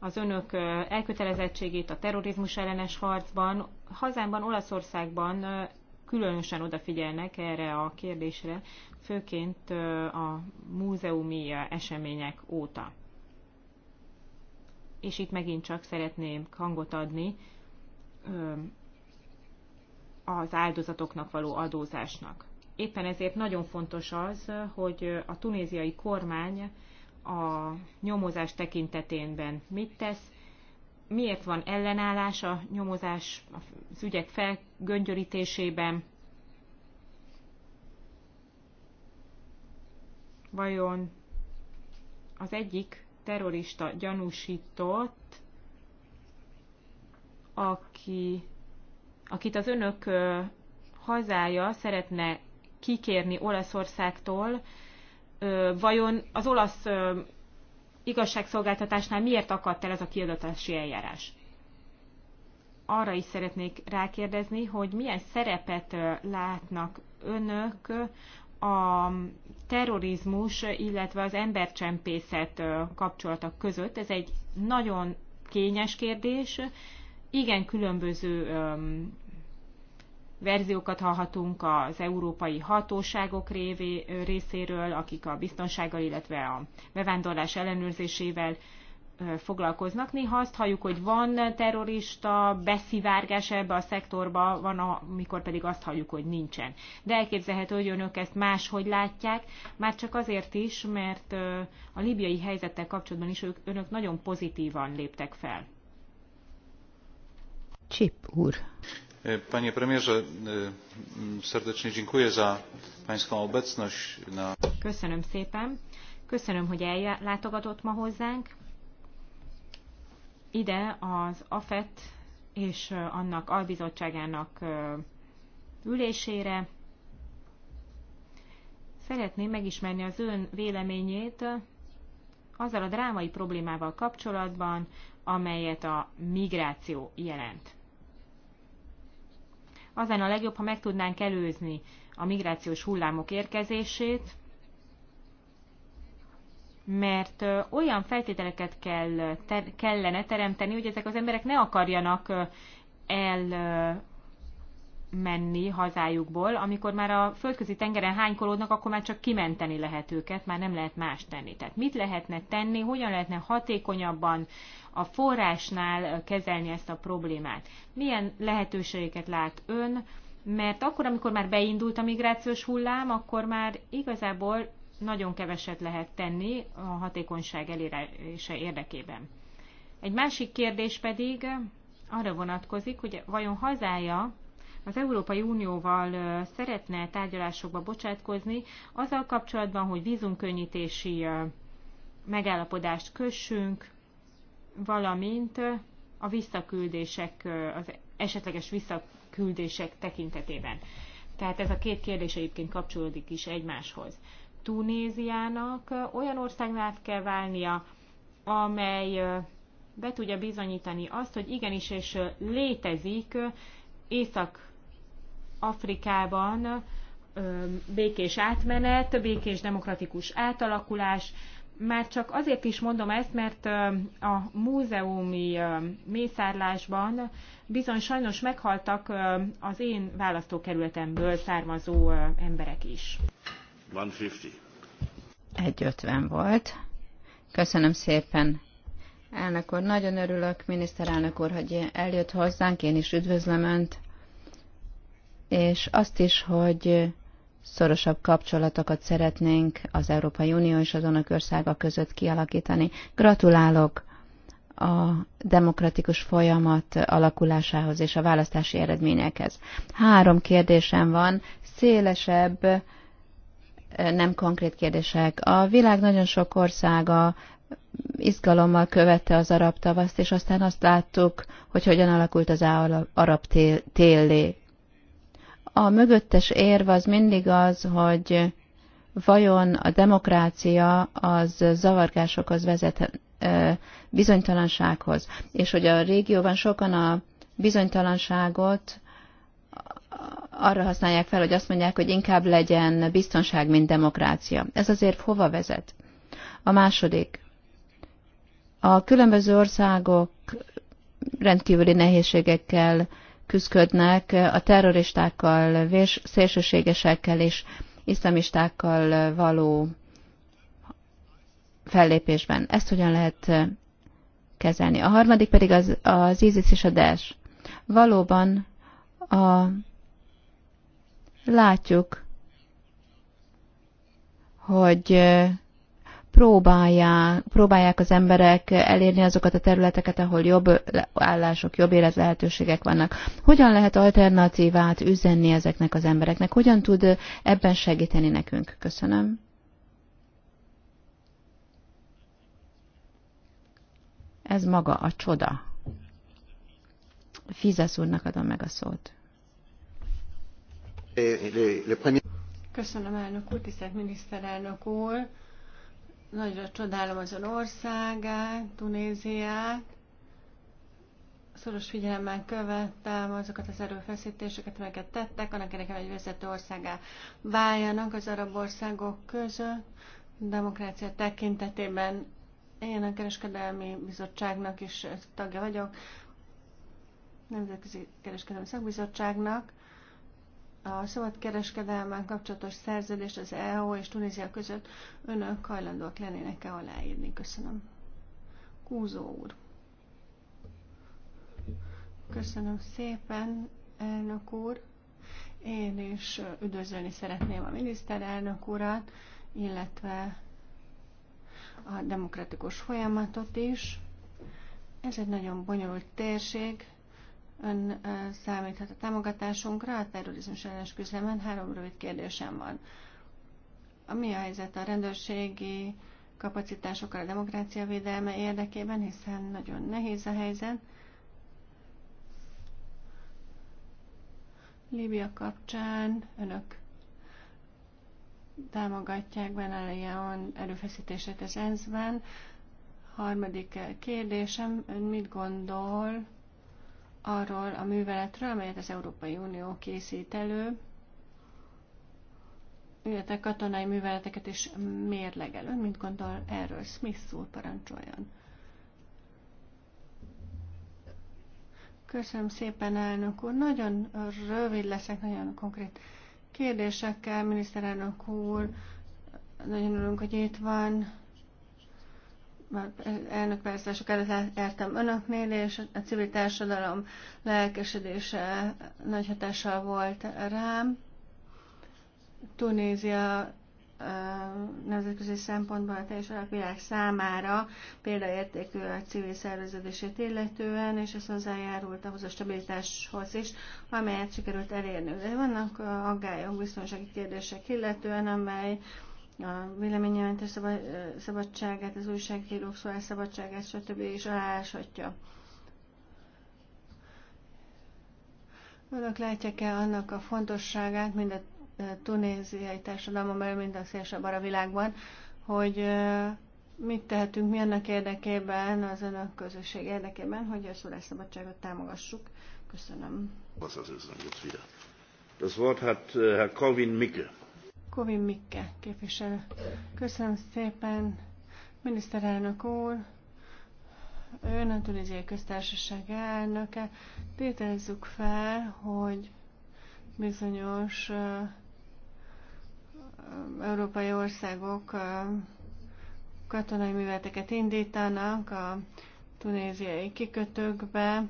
az önök elkötelezettségét a terrorizmus ellenes harcban. Hazámban, Olaszországban különösen odafigyelnek erre a kérdésre, főként a múzeumi események óta. És itt megint csak szeretném hangot adni az áldozatoknak való adózásnak. Éppen ezért nagyon fontos az, hogy a tunéziai kormány a nyomozás tekintetében mit tesz, miért van ellenállás a nyomozás, az ügyek felgöngyörítésében, vajon az egyik terrorista gyanúsított, aki, akit az önök hazája szeretne kikérni Olaszországtól, vajon az olasz igazságszolgáltatásnál miért akadt el ez a kiadatási eljárás? Arra is szeretnék rákérdezni, hogy milyen szerepet látnak önök a terrorizmus, illetve az embercsempészet kapcsolatok között. Ez egy nagyon kényes kérdés, igen különböző verziókat hallhatunk az európai hatóságok révé, részéről, akik a biztonsággal, illetve a bevándorlás ellenőrzésével foglalkoznak. Néha azt halljuk, hogy van terrorista beszivárgás ebbe a szektorba, van, amikor pedig azt halljuk, hogy nincsen. De elképzelhető, hogy önök ezt máshogy látják, már csak azért is, mert a libiai helyzettel kapcsolatban is ők, önök nagyon pozitívan léptek fel. Csip úr. Panie premierze, serdecznie dziękuję za pańską obecność na... Köszönöm szépen. Köszönöm, hogy ellátogatott ma hozzánk. Ide az AFET és annak albizottságának ülésére. Szeretném megismerni az ön véleményét azzal a drámai problémával kapcsolatban, amelyet a migráció jelent. Az lenne a legjobb, ha meg tudnánk előzni a migrációs hullámok érkezését, mert olyan feltételeket kell, ter, kellene teremteni, hogy ezek az emberek ne akarjanak el menni hazájukból, amikor már a földközi tengeren hánykolódnak, akkor már csak kimenteni lehet őket, már nem lehet más tenni. Tehát mit lehetne tenni, hogyan lehetne hatékonyabban a forrásnál kezelni ezt a problémát? Milyen lehetőségeket lát ön? Mert akkor, amikor már beindult a migrációs hullám, akkor már igazából nagyon keveset lehet tenni a hatékonyság elérése érdekében. Egy másik kérdés pedig arra vonatkozik, hogy vajon hazája az Európai Unióval szeretne tárgyalásokba bocsátkozni, azzal kapcsolatban, hogy vízumkönnyítési megállapodást kössünk, valamint a visszaküldések, az esetleges visszaküldések tekintetében. Tehát ez a két kérdés egyébként kapcsolódik is egymáshoz. Tunéziának olyan országnál kell válnia, amely be tudja bizonyítani azt, hogy igenis és létezik Észak Afrikában békés átmenet, békés demokratikus átalakulás. Már csak azért is mondom ezt, mert a múzeumi mészárlásban bizony sajnos meghaltak az én választókerületemből származó emberek is. 150. 150 volt. Köszönöm szépen. Elnök úr, nagyon örülök, miniszterelnök úr, hogy eljött hozzánk, én is üdvözlöm Önt és azt is, hogy szorosabb kapcsolatokat szeretnénk az Európai Unió és az önök országa között kialakítani. Gratulálok a demokratikus folyamat alakulásához és a választási eredményekhez. Három kérdésem van, szélesebb, nem konkrét kérdések. A világ nagyon sok országa izgalommal követte az arab tavaszt, és aztán azt láttuk, hogy hogyan alakult az arab tél, téllé a mögöttes érv az mindig az, hogy vajon a demokrácia az zavargásokhoz vezet bizonytalansághoz, és hogy a régióban sokan a bizonytalanságot arra használják fel, hogy azt mondják, hogy inkább legyen biztonság, mint demokrácia. Ez azért hova vezet? A második. A különböző országok rendkívüli nehézségekkel küzdködnek a terroristákkal, vérs, szélsőségesekkel és iszlamistákkal való fellépésben. Ezt hogyan lehet kezelni? A harmadik pedig az, az ISIS és a DES. Valóban a, látjuk, hogy próbálják, próbálják az emberek elérni azokat a területeket, ahol jobb állások, jobb lehetőségek vannak. Hogyan lehet alternatívát üzenni ezeknek az embereknek? Hogyan tud ebben segíteni nekünk? Köszönöm. Ez maga a csoda. Fizesz úrnak adom meg a szót. Köszönöm, elnök úr, tisztelt miniszterelnök úr Nagyra csodálom az ön országát, Tunéziát. Szoros figyelemmel követtem azokat az erőfeszítéseket, amelyeket tettek, annak érdekében, hogy vezető országá váljanak az arab országok között, demokrácia tekintetében. Én a kereskedelmi bizottságnak is tagja vagyok, Nemzetközi Kereskedelmi Szakbizottságnak a szabadkereskedelmen kapcsolatos szerződést az EU és Tunézia között önök hajlandóak lennének-e aláírni? Köszönöm. Kúzó úr. Köszönöm szépen, elnök úr. Én is üdvözölni szeretném a miniszterelnök urat, illetve a demokratikus folyamatot is. Ez egy nagyon bonyolult térség, Ön számíthat a támogatásunkra a terrorizmus ellenes küzdelemben. Három rövid kérdésem van. A mi a helyzet a rendőrségi kapacitásokkal a demokrácia védelme érdekében, hiszen nagyon nehéz a helyzet. Líbia kapcsán önök támogatják Ben Alion erőfeszítését az ENSZ-ben. Harmadik kérdésem, ön mit gondol arról a műveletről, amelyet az Európai Unió készít elő, illetve katonai műveleteket is mérlegel. Ön mit gondol erről? Smith úr parancsoljon. Köszönöm szépen, elnök úr. Nagyon rövid leszek, nagyon konkrét kérdésekkel, miniszterelnök úr. Nagyon örülünk, hogy itt van elnökválasztások előtt értem önöknél, és a civil társadalom lelkesedése nagy hatással volt rám. Tunézia nemzetközi szempontból a teljes világ számára példaértékű a civil szerveződését illetően, és ez hozzájárult ahhoz a stabilitáshoz is, amelyet sikerült elérni. De vannak aggályok biztonsági kérdések illetően, amely a véleményjelentés szabadságát, az újságírók szabadságát, stb. is aláshatja. Önök látják-e annak a fontosságát, mind a tunéziai társadalmon belül, mind a szélsebb a világban, hogy mit tehetünk mi annak érdekében, az önök közösség érdekében, hogy a szólásszabadságot támogassuk. Köszönöm. Was das Wort hat Herr Corwin Micke. Kovin Mikke képviselő. Köszönöm szépen, miniszterelnök úr, ön a Tunéziai Köztársaság elnöke. Tételezzük fel, hogy bizonyos európai országok katonai műveleteket indítanak a tunéziai kikötőkbe,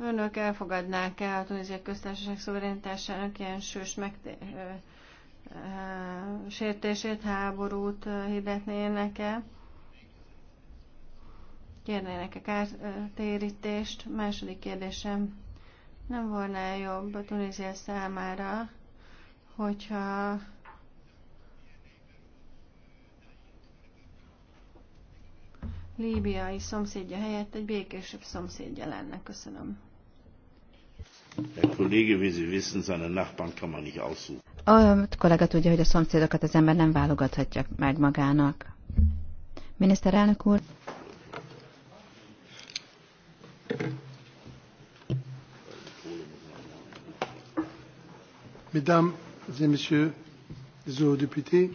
Önök elfogadnák-e a Tunéziai Köztársaság szuverenitásának ilyen sős megté- sértését, háborút hirdetnének-e? Kérnének-e kártérítést? Második kérdésem, nem volna jobb a Tunézia számára, hogyha líbiai szomszédja helyett egy békésebb szomszédja lenne. Köszönöm. Der Kollege, wie Sie wissen, seine Nachbarn kann man nicht aussuchen. A kollega tudja, hogy a szomszédokat az ember nem válogathatja meg magának. Miniszterelnök úr! Mesdames et Messieurs les eurodéputés,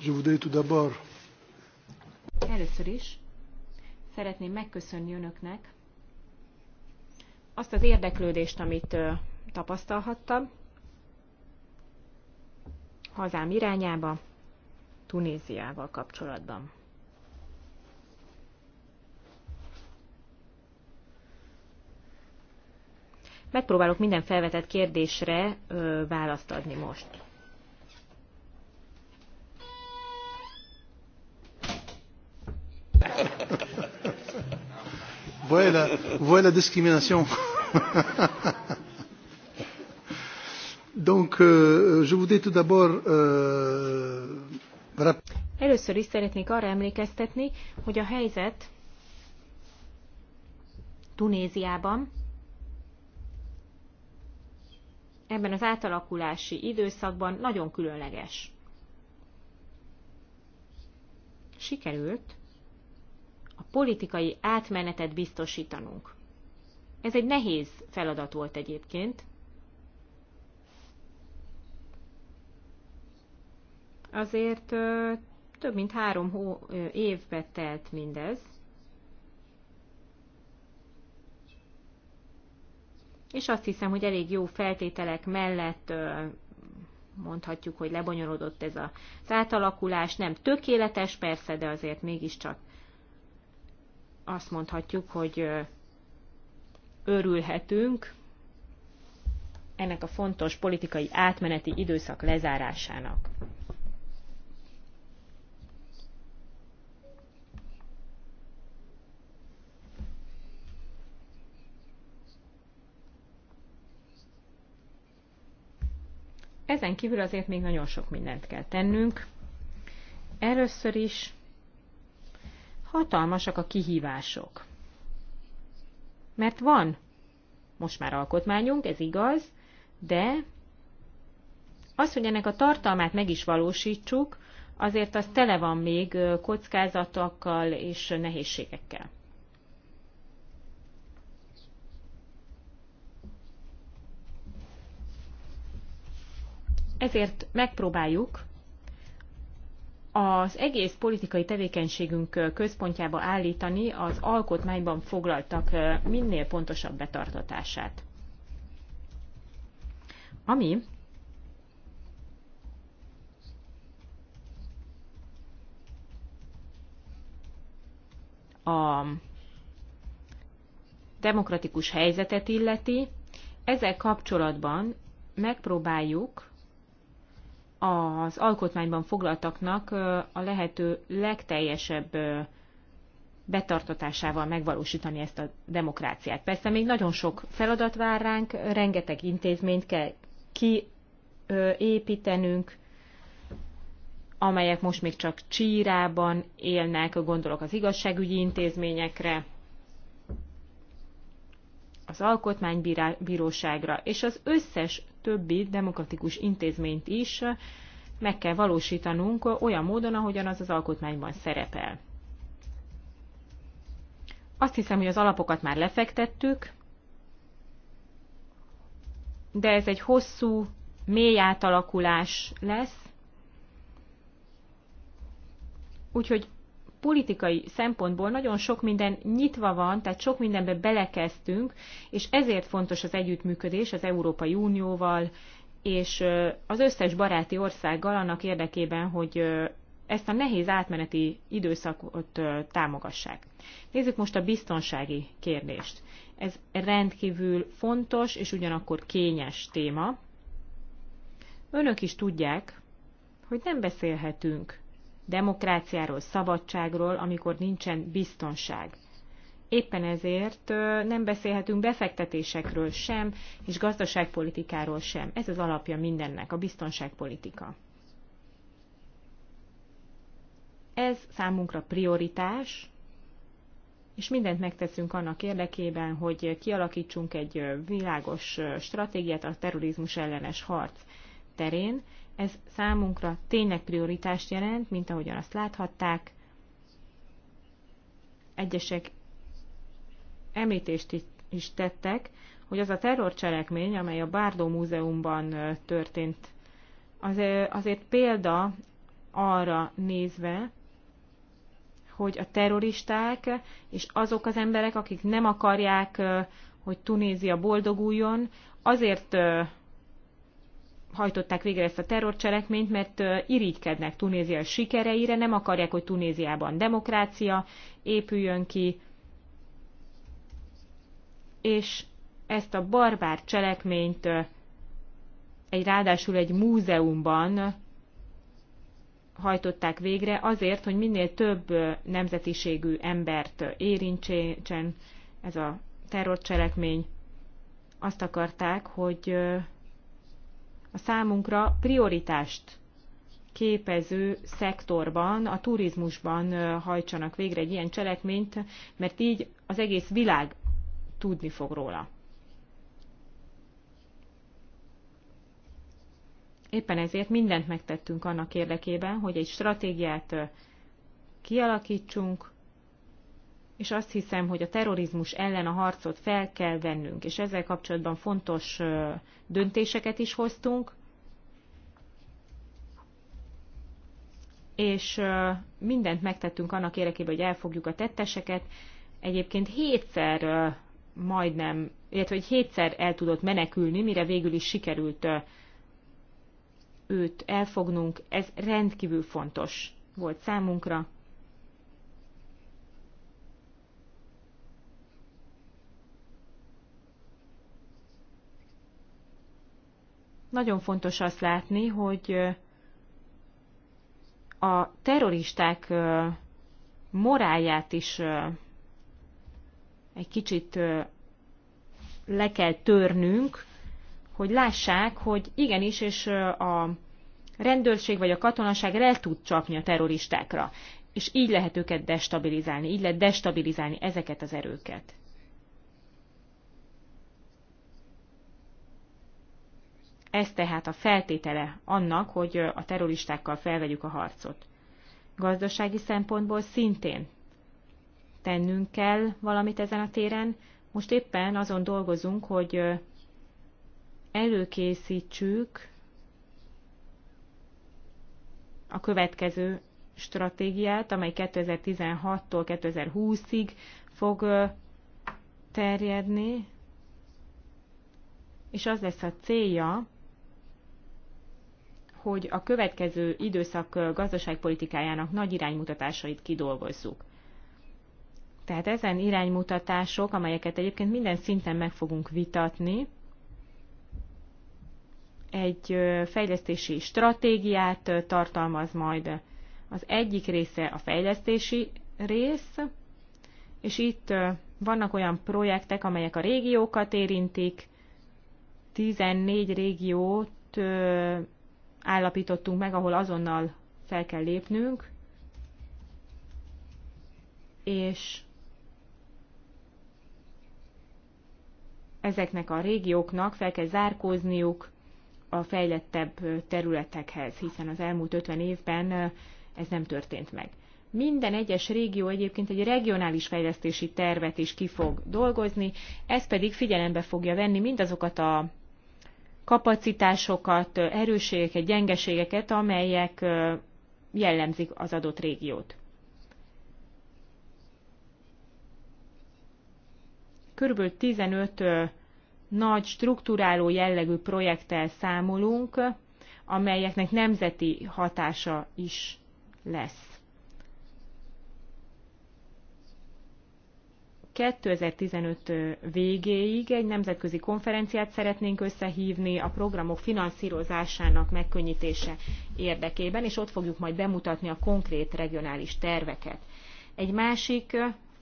je voudrais tout d'abord Először is szeretném megköszönni önöknek azt az érdeklődést, amit tapasztalhattam hazám irányába, Tunéziával kapcsolatban. Megpróbálok minden felvetett kérdésre ö, választ adni most voyez la, voyez la discrimination. Donc, euh, je voudrais tout d'abord euh, Először is szeretnék arra emlékeztetni, hogy a helyzet Tunéziában ebben az átalakulási időszakban nagyon különleges. Sikerült a politikai átmenetet biztosítanunk. Ez egy nehéz feladat volt egyébként. Azért több mint három hó, évbe telt mindez. És azt hiszem, hogy elég jó feltételek mellett mondhatjuk, hogy lebonyolódott ez az átalakulás. Nem tökéletes persze, de azért mégiscsak azt mondhatjuk, hogy örülhetünk ennek a fontos politikai átmeneti időszak lezárásának. Ezen kívül azért még nagyon sok mindent kell tennünk. Először is hatalmasak a kihívások. Mert van most már alkotmányunk, ez igaz, de az, hogy ennek a tartalmát meg is valósítsuk, azért az tele van még kockázatokkal és nehézségekkel. Ezért megpróbáljuk az egész politikai tevékenységünk központjába állítani az alkotmányban foglaltak minél pontosabb betartatását. Ami a demokratikus helyzetet illeti, ezzel kapcsolatban megpróbáljuk az alkotmányban foglaltaknak a lehető legteljesebb betartatásával megvalósítani ezt a demokráciát. Persze még nagyon sok feladat vár ránk, rengeteg intézményt kell kiépítenünk, amelyek most még csak csírában élnek, gondolok az igazságügyi intézményekre, az alkotmánybíróságra és az összes többi demokratikus intézményt is meg kell valósítanunk olyan módon, ahogyan az az alkotmányban szerepel. Azt hiszem, hogy az alapokat már lefektettük, de ez egy hosszú, mély átalakulás lesz. Úgyhogy politikai szempontból nagyon sok minden nyitva van, tehát sok mindenbe belekezdtünk, és ezért fontos az együttműködés az Európai Unióval, és az összes baráti országgal annak érdekében, hogy ezt a nehéz átmeneti időszakot támogassák. Nézzük most a biztonsági kérdést. Ez rendkívül fontos és ugyanakkor kényes téma. Önök is tudják, hogy nem beszélhetünk demokráciáról, szabadságról, amikor nincsen biztonság. Éppen ezért nem beszélhetünk befektetésekről sem, és gazdaságpolitikáról sem. Ez az alapja mindennek, a biztonságpolitika. Ez számunkra prioritás, és mindent megteszünk annak érdekében, hogy kialakítsunk egy világos stratégiát a terrorizmus ellenes harc terén, ez számunkra tényleg prioritást jelent, mint ahogyan azt láthatták. Egyesek említést is tettek, hogy az a terrorcselekmény, amely a Bárdó Múzeumban történt, az, azért példa arra nézve, hogy a terroristák és azok az emberek, akik nem akarják, hogy Tunézia boldoguljon, azért hajtották végre ezt a terrorcselekményt, mert irigykednek Tunézia sikereire, nem akarják, hogy Tunéziában demokrácia épüljön ki, és ezt a barbár cselekményt egy ráadásul egy múzeumban hajtották végre azért, hogy minél több nemzetiségű embert érintsen ez a terrorcselekmény. Azt akarták, hogy a számunkra prioritást képező szektorban, a turizmusban hajtsanak végre egy ilyen cselekményt, mert így az egész világ tudni fog róla. Éppen ezért mindent megtettünk annak érdekében, hogy egy stratégiát kialakítsunk, és azt hiszem, hogy a terrorizmus ellen a harcot fel kell vennünk, és ezzel kapcsolatban fontos döntéseket is hoztunk, és mindent megtettünk annak érdekében, hogy elfogjuk a tetteseket. Egyébként hétszer majdnem, illetve hogy hétszer el tudott menekülni, mire végül is sikerült őt elfognunk. Ez rendkívül fontos volt számunkra. Nagyon fontos azt látni, hogy a terroristák morálját is egy kicsit le kell törnünk, hogy lássák, hogy igenis, és a rendőrség vagy a katonaság el tud csapni a terroristákra. És így lehet őket destabilizálni, így lehet destabilizálni ezeket az erőket. Ez tehát a feltétele annak, hogy a terroristákkal felvegyük a harcot. Gazdasági szempontból szintén tennünk kell valamit ezen a téren. Most éppen azon dolgozunk, hogy előkészítsük a következő stratégiát, amely 2016-tól 2020-ig fog terjedni, és az lesz a célja, hogy a következő időszak gazdaságpolitikájának nagy iránymutatásait kidolgozzuk. Tehát ezen iránymutatások, amelyeket egyébként minden szinten meg fogunk vitatni, egy fejlesztési stratégiát tartalmaz majd. Az egyik része a fejlesztési rész, és itt vannak olyan projektek, amelyek a régiókat érintik, 14 régiót állapítottunk meg, ahol azonnal fel kell lépnünk, és ezeknek a régióknak fel kell zárkózniuk a fejlettebb területekhez, hiszen az elmúlt 50 évben ez nem történt meg. Minden egyes régió egyébként egy regionális fejlesztési tervet is ki fog dolgozni, ez pedig figyelembe fogja venni mindazokat a kapacitásokat, erősségeket, gyengeségeket, amelyek jellemzik az adott régiót. Körülbelül 15 nagy strukturáló jellegű projekttel számolunk, amelyeknek nemzeti hatása is lesz. 2015 végéig egy nemzetközi konferenciát szeretnénk összehívni a programok finanszírozásának megkönnyítése érdekében, és ott fogjuk majd bemutatni a konkrét regionális terveket. Egy másik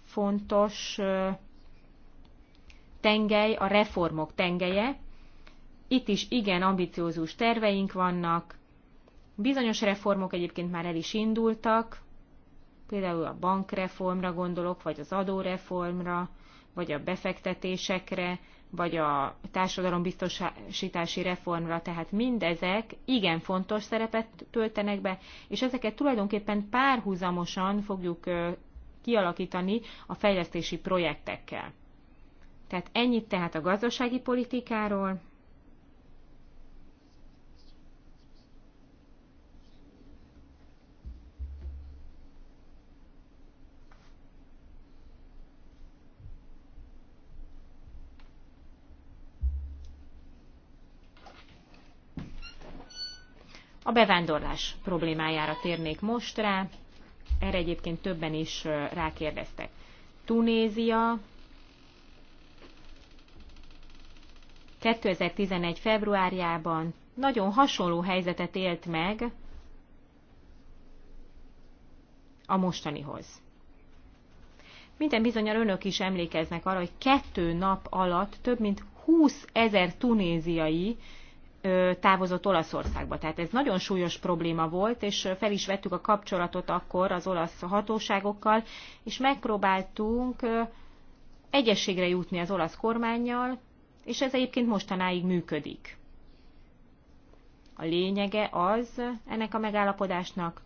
fontos tengely a reformok tengelye. Itt is igen ambiciózus terveink vannak. Bizonyos reformok egyébként már el is indultak, például a bankreformra gondolok, vagy az adóreformra, vagy a befektetésekre, vagy a társadalombiztosítási reformra, tehát mindezek igen fontos szerepet töltenek be, és ezeket tulajdonképpen párhuzamosan fogjuk kialakítani a fejlesztési projektekkel. Tehát ennyit tehát a gazdasági politikáról. A bevándorlás problémájára térnék most rá, erre egyébként többen is rákérdeztek. Tunézia 2011. februárjában nagyon hasonló helyzetet élt meg a mostanihoz. Minden bizonyal önök is emlékeznek arra, hogy kettő nap alatt több mint 20 ezer tunéziai távozott Olaszországba. Tehát ez nagyon súlyos probléma volt, és fel is vettük a kapcsolatot akkor az olasz hatóságokkal, és megpróbáltunk egyességre jutni az olasz kormányjal, és ez egyébként mostanáig működik. A lényege az ennek a megállapodásnak,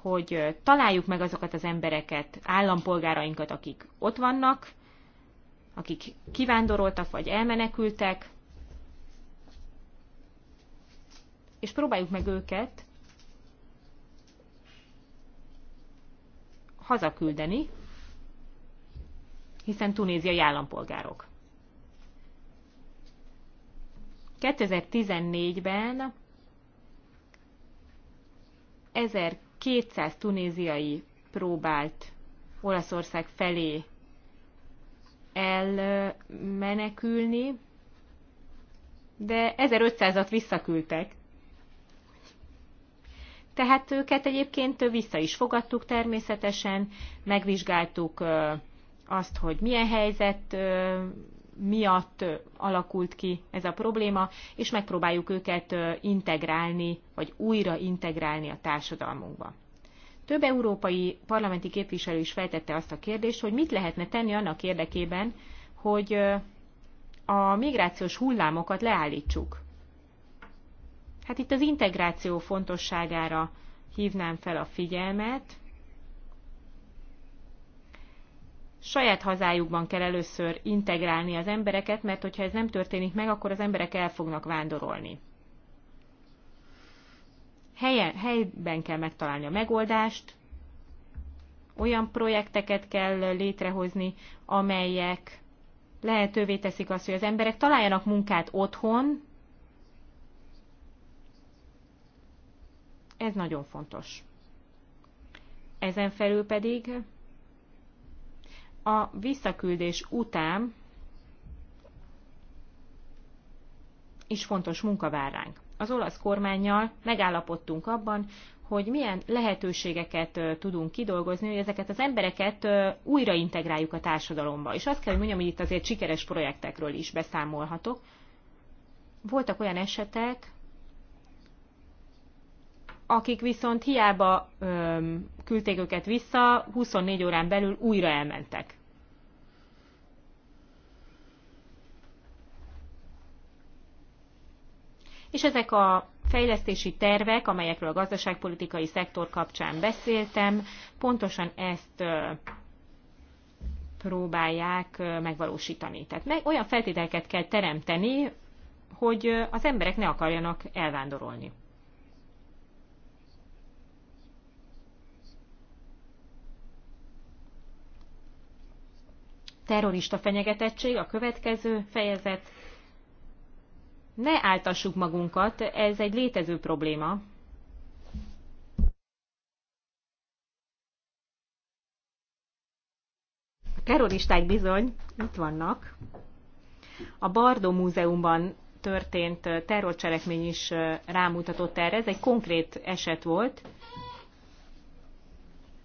hogy találjuk meg azokat az embereket, állampolgárainkat, akik ott vannak, akik kivándoroltak vagy elmenekültek, és próbáljuk meg őket hazaküldeni, hiszen tunéziai állampolgárok. 2014-ben 1200 tunéziai próbált Olaszország felé elmenekülni, de 1500-at visszaküldtek. Tehát őket egyébként vissza is fogadtuk természetesen, megvizsgáltuk azt, hogy milyen helyzet miatt alakult ki ez a probléma, és megpróbáljuk őket integrálni, vagy újra integrálni a társadalmunkba. Több európai parlamenti képviselő is feltette azt a kérdést, hogy mit lehetne tenni annak érdekében, hogy a migrációs hullámokat leállítsuk. Hát itt az integráció fontosságára hívnám fel a figyelmet. Saját hazájukban kell először integrálni az embereket, mert hogyha ez nem történik meg, akkor az emberek el fognak vándorolni. Helyen, helyben kell megtalálni a megoldást, olyan projekteket kell létrehozni, amelyek lehetővé teszik azt, hogy az emberek találjanak munkát otthon, Ez nagyon fontos. Ezen felül pedig a visszaküldés után is fontos munka vár ránk. Az olasz kormányjal megállapodtunk abban, hogy milyen lehetőségeket tudunk kidolgozni, hogy ezeket az embereket újra integráljuk a társadalomba. És azt kell, hogy mondjam, hogy itt azért sikeres projektekről is beszámolhatok. Voltak olyan esetek, akik viszont hiába öm, küldték őket vissza, 24 órán belül újra elmentek. És ezek a fejlesztési tervek, amelyekről a gazdaságpolitikai szektor kapcsán beszéltem, pontosan ezt próbálják megvalósítani. Tehát meg olyan feltételeket kell teremteni, hogy az emberek ne akarjanak elvándorolni. terrorista fenyegetettség, a következő fejezet. Ne áltassuk magunkat, ez egy létező probléma. A terroristák bizony itt vannak. A Bardo Múzeumban történt terrorcselekmény is rámutatott erre. Ez egy konkrét eset volt.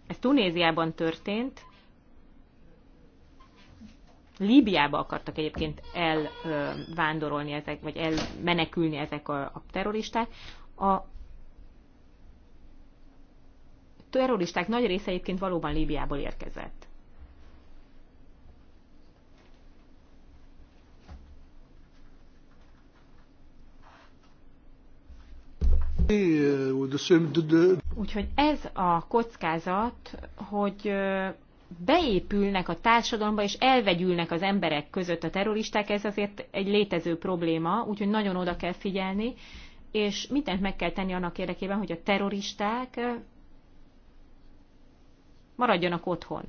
Ez Tunéziában történt, Líbiába akartak egyébként elvándorolni ezek, vagy elmenekülni ezek a, a terroristák. A terroristák nagy része egyébként valóban Líbiából érkezett. Úgyhogy ez a kockázat, hogy beépülnek a társadalomba, és elvegyülnek az emberek között a terroristák, ez azért egy létező probléma, úgyhogy nagyon oda kell figyelni, és mindent meg kell tenni annak érdekében, hogy a terroristák eh, maradjanak otthon.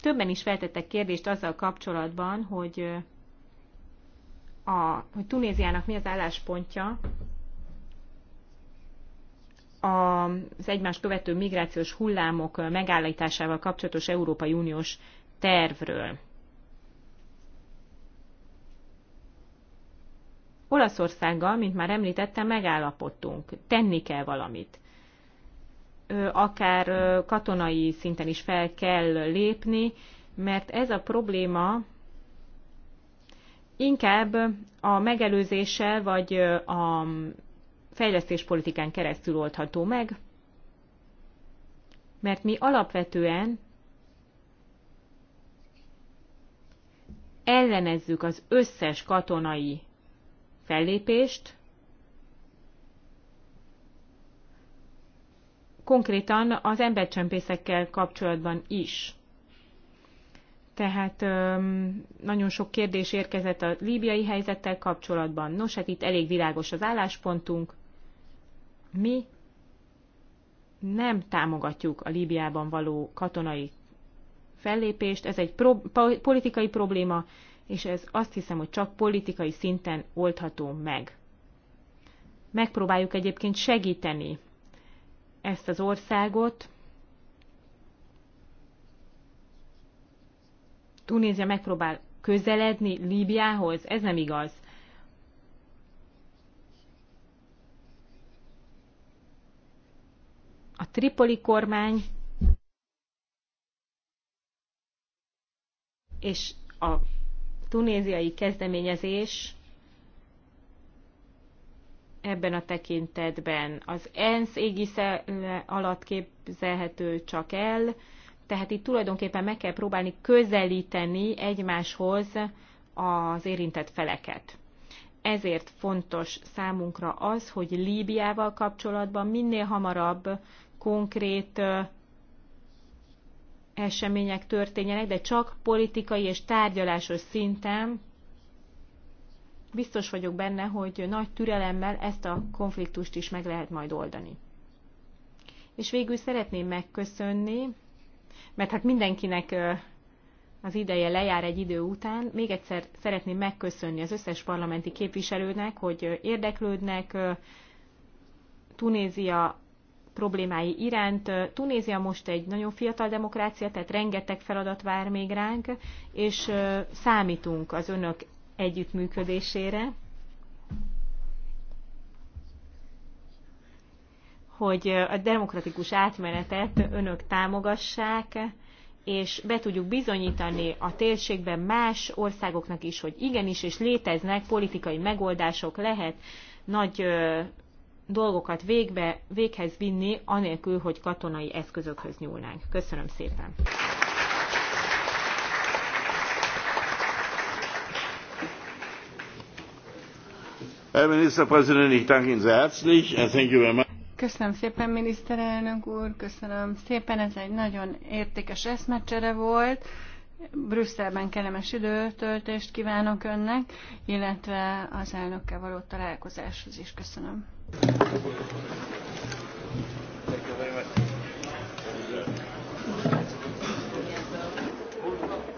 Többen is feltettek kérdést azzal kapcsolatban, hogy eh, a, hogy Tunéziának mi az álláspontja az egymást követő migrációs hullámok megállításával kapcsolatos Európai Uniós tervről. Olaszországgal, mint már említettem, megállapodtunk, tenni kell valamit. Akár katonai szinten is fel kell lépni, mert ez a probléma inkább a megelőzéssel vagy a fejlesztéspolitikán keresztül oldható meg, mert mi alapvetően ellenezzük az összes katonai fellépést, konkrétan az embercsempészekkel kapcsolatban is tehát nagyon sok kérdés érkezett a líbiai helyzettel kapcsolatban. Nos, hát itt elég világos az álláspontunk. Mi nem támogatjuk a Líbiában való katonai fellépést, ez egy pro- politikai probléma, és ez azt hiszem, hogy csak politikai szinten oldható meg. Megpróbáljuk egyébként segíteni ezt az országot, Tunézia megpróbál közeledni Líbiához, ez nem igaz. A tripoli kormány és a tunéziai kezdeményezés ebben a tekintetben az ENSZ égisze alatt képzelhető csak el, tehát itt tulajdonképpen meg kell próbálni közelíteni egymáshoz az érintett feleket. Ezért fontos számunkra az, hogy Líbiával kapcsolatban minél hamarabb konkrét események történjenek, de csak politikai és tárgyalásos szinten. Biztos vagyok benne, hogy nagy türelemmel ezt a konfliktust is meg lehet majd oldani. És végül szeretném megköszönni mert hát mindenkinek az ideje lejár egy idő után. Még egyszer szeretném megköszönni az összes parlamenti képviselőnek, hogy érdeklődnek Tunézia problémái iránt. Tunézia most egy nagyon fiatal demokrácia, tehát rengeteg feladat vár még ránk, és számítunk az önök együttműködésére. hogy a demokratikus átmenetet önök támogassák, és be tudjuk bizonyítani a térségben más országoknak is, hogy igenis, és léteznek politikai megoldások, lehet nagy dolgokat végbe, véghez vinni, anélkül, hogy katonai eszközökhöz nyúlnánk. Köszönöm szépen! Herr Ministerpräsident, ich danke Ihnen sehr herzlich. Thank you very much. Köszönöm szépen, miniszterelnök úr, köszönöm szépen, ez egy nagyon értékes eszmecsere volt. Brüsszelben kellemes időtöltést kívánok önnek, illetve az elnökkel való találkozáshoz is köszönöm.